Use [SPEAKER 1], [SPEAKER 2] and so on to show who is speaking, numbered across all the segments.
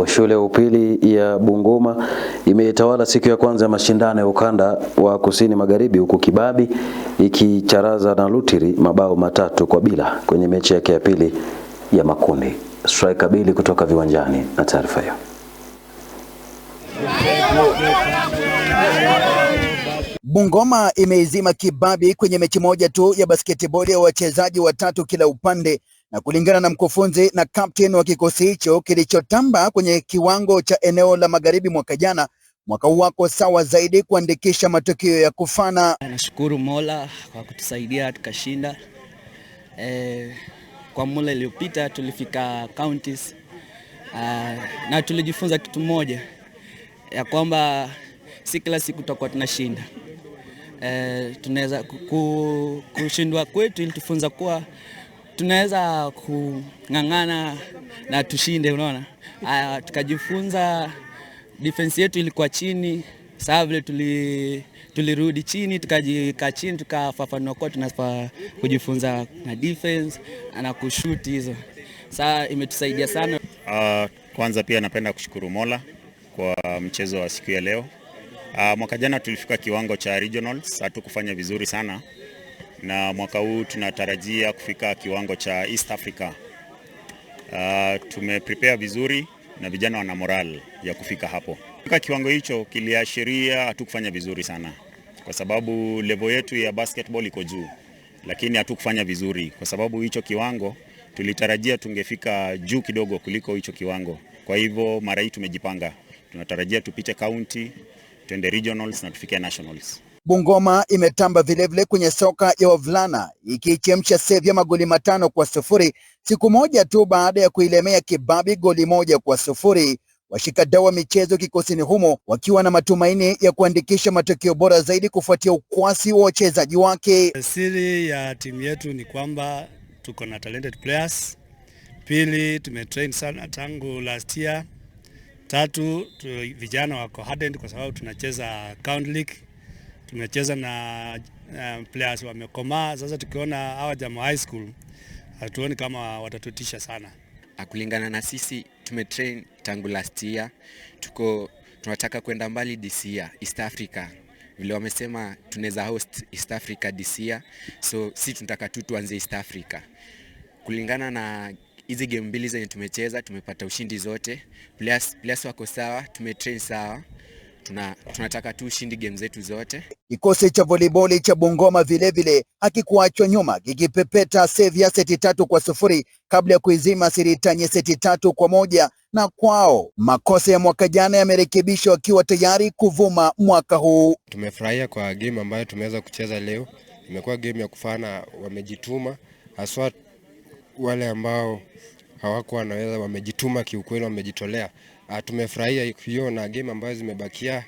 [SPEAKER 1] ambapo shule ya upili ya Bungoma imeitawala siku ya kwanza ya mashindano ya ukanda wa kusini magharibi, huku Kibabi ikicharaza na Lutiri mabao matatu kwa bila kwenye mechi yake ya pili ya makundi. Striker Bili kutoka viwanjani na taarifa hiyo.
[SPEAKER 2] Bungoma imeizima Kibabi kwenye mechi moja tu ya basketball ya wachezaji watatu kila upande na kulingana na mkufunzi na captain wa kikosi hicho kilichotamba kwenye kiwango cha eneo la magharibi mwaka jana, mwaka huu wako sawa zaidi kuandikisha matokeo ya kufana.
[SPEAKER 3] Nashukuru Mola kwa kutusaidia tukashinda. E, kwa mula iliyopita tulifika counties Uh, na tulijifunza kitu moja ya kwamba si kila siku tutakuwa tunashinda. E, tunaweza kushindwa kwetu ilitufunza kuwa tunaweza kung'ang'ana na tushinde, unaona. Uh, tukajifunza defense yetu ilikuwa chini saa vile tuli tulirudi chini tukajika chini tukafafanua kwa tunafaa kujifunza na defense na kushoot hizo. Saa imetusaidia sana.
[SPEAKER 4] Uh, kwanza pia napenda kushukuru Mola kwa mchezo wa siku ya leo. Uh, mwaka jana tulifika kiwango cha regionals, hatukufanya vizuri sana na mwaka huu tunatarajia kufika kiwango cha East Africa. Uh, tumeprepare vizuri na vijana wana moral ya kufika hapo. Kufika kiwango hicho kiliashiria hatukufanya vizuri sana, kwa sababu level yetu ya basketball iko juu, lakini hatukufanya vizuri kwa sababu hicho kiwango tulitarajia tungefika juu kidogo kuliko hicho kiwango. Kwa hivyo mara hii tumejipanga, tunatarajia tupite county, tuende regionals na tufike nationals.
[SPEAKER 2] Bungoma imetamba vilevile kwenye soka ya wavulana ikichemsha Sevya magoli matano kwa sufuri siku moja tu baada ya kuilemea Kibabi goli moja kwa sufuri. Washikadau wa michezo kikosini humo wakiwa na matumaini ya kuandikisha matokeo bora zaidi kufuatia ukwasi wa wachezaji wake.
[SPEAKER 5] Siri ya timu yetu ni kwamba tuko na talented players. Pili, tumetrain sana tangu last year. Tatu, vijana wako hardened kwa sababu tunacheza county league tumecheza na uh, players wamekomaa. Sasa tukiona hawa jamaa high school, hatuoni kama watatutisha sana.
[SPEAKER 6] Kulingana na sisi tumetrain tangu last year, tuko tunataka kwenda mbali this year East Africa vile wamesema tunaweza host East Africa this year, so si tunataka tu tuanze East Africa. Kulingana na hizi game mbili zenye tumecheza, tumepata ushindi zote, players wako sawa, tumetrain sawa na tunataka tu ushindi game zetu zote.
[SPEAKER 2] Kikosi cha voliboli cha Bungoma vilevile hakikuachwa nyuma kikipepeta Sevia seti tatu kwa sufuri kabla ya kuizima Siritanye seti tatu kwa moja na kwao makosa ya mwaka jana yamerekebishwa wakiwa tayari kuvuma mwaka huu.
[SPEAKER 7] Tumefurahia kwa game ambayo tumeweza kucheza leo, imekuwa game ya kufana, wamejituma haswa wale ambao hawakuwa wanaweza, wamejituma kiukweli, wamejitolea Ah, tumefurahia kuiona game ambazo zimebakia,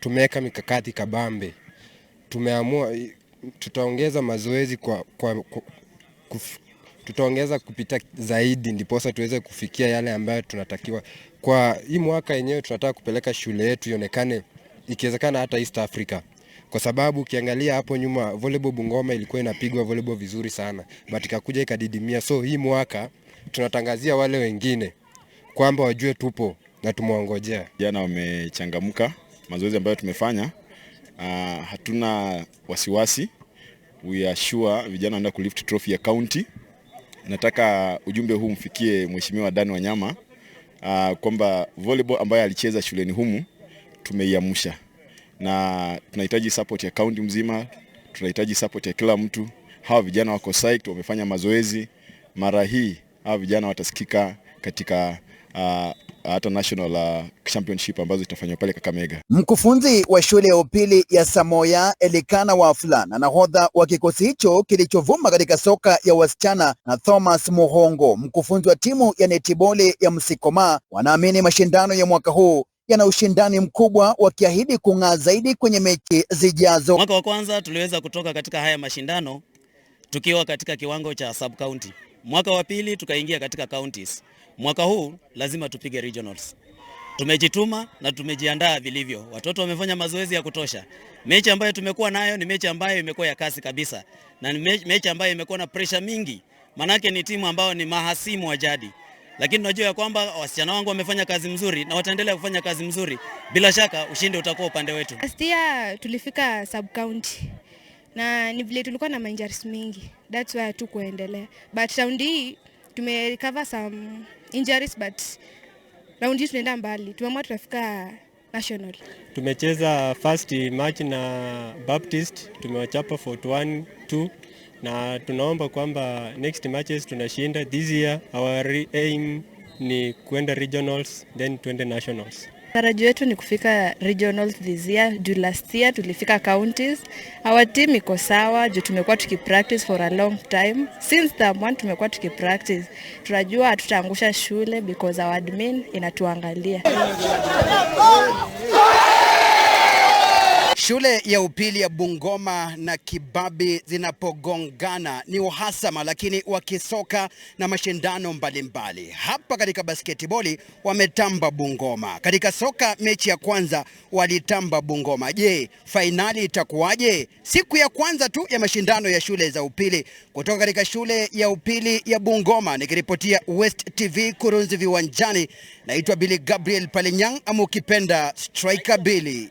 [SPEAKER 7] tumeweka mikakati kabambe, tumeamua tutaongeza mazoezi kwa, kwa, kwa kuf, tutaongeza kupita zaidi ndiposa tuweze kufikia yale ambayo tunatakiwa. Kwa hii mwaka yenyewe tunataka kupeleka shule yetu ionekane ikiwezekana hata East Africa, kwa sababu ukiangalia hapo nyuma volleyball Bungoma ilikuwa inapigwa volleyball vizuri sana, but ikakuja ikadidimia. So hii mwaka tunatangazia wale wengine kwamba wajue tupo na tumewangojea.
[SPEAKER 8] Jana wamechangamka, mazoezi ambayo tumefanya uh, hatuna wasiwasi. We are sure vijana wanaenda kulift trophy ya county. Nataka ujumbe huu mfikie Mheshimiwa Dan Wanyama uh, kwamba volleyball ambayo alicheza shuleni humu tumeiamsha na tunahitaji support ya kaunti mzima, tunahitaji support ya kila mtu. Hawa vijana wako psyched, wamefanya mazoezi. Mara hii hawa vijana watasikika katika uh, hata national uh, championship ambazo zitafanywa pale Kakamega.
[SPEAKER 2] Mkufunzi wa shule ya upili ya Samoya Elikana Wafula na nahodha wa kikosi hicho kilichovuma katika soka ya wasichana na Thomas Muhongo, mkufunzi wa timu ya netiboli ya Msikoma, wanaamini mashindano ya mwaka huu yana ushindani mkubwa, wakiahidi kung'aa zaidi kwenye mechi zijazo.
[SPEAKER 9] Mwaka wa kwanza tuliweza kutoka katika haya mashindano tukiwa katika kiwango cha sub county. Mwaka wa pili tukaingia katika counties. Mwaka huu lazima tupige regionals. Tumejituma na tumejiandaa vilivyo. Watoto wamefanya mazoezi ya kutosha. Mechi ambayo tumekuwa nayo ni mechi ambayo imekuwa ya kasi kabisa na ni mechi ambayo imekuwa na pressure mingi, manake ni timu ambayo ni mahasimu wa jadi, lakini najua ya kwamba wasichana wangu wamefanya kazi mzuri na wataendelea kufanya kazi mzuri. Bila shaka ushindi utakuwa upande wetu.
[SPEAKER 10] Last year tulifika sub county na ni vile tulikuwa na manjaris mingi, that's why hatukuendelea, but round hii tume recover some injuries but round hii tunaenda mbali, tumeamua tutafika national.
[SPEAKER 11] Tumecheza first match na Baptist tumewachapa 41 2 na tunaomba kwamba next matches tunashinda. This year our aim ni kwenda regionals then twende nationals.
[SPEAKER 12] Tarajio yetu ni kufika regionals this year. Ju last year tulifika counties. Our team iko sawa ju tumekuwa tukipractice for a long time. Since the month tumekuwa tukipractice. Tunajua hatutaangusha shule because our admin inatuangalia.
[SPEAKER 2] Shule ya upili ya Bungoma na Kibabi zinapogongana ni uhasama, lakini wa kisoka na mashindano mbalimbali mbali. Hapa katika basketiboli wametamba Bungoma, katika soka mechi ya kwanza walitamba Bungoma. Je, fainali itakuwaje? Siku ya kwanza tu ya mashindano ya shule za upili kutoka katika shule ya upili ya Bungoma, nikiripotia West TV Kurunzi viwanjani, naitwa Billy Gabriel Palinyang, ama ukipenda Striker Billy.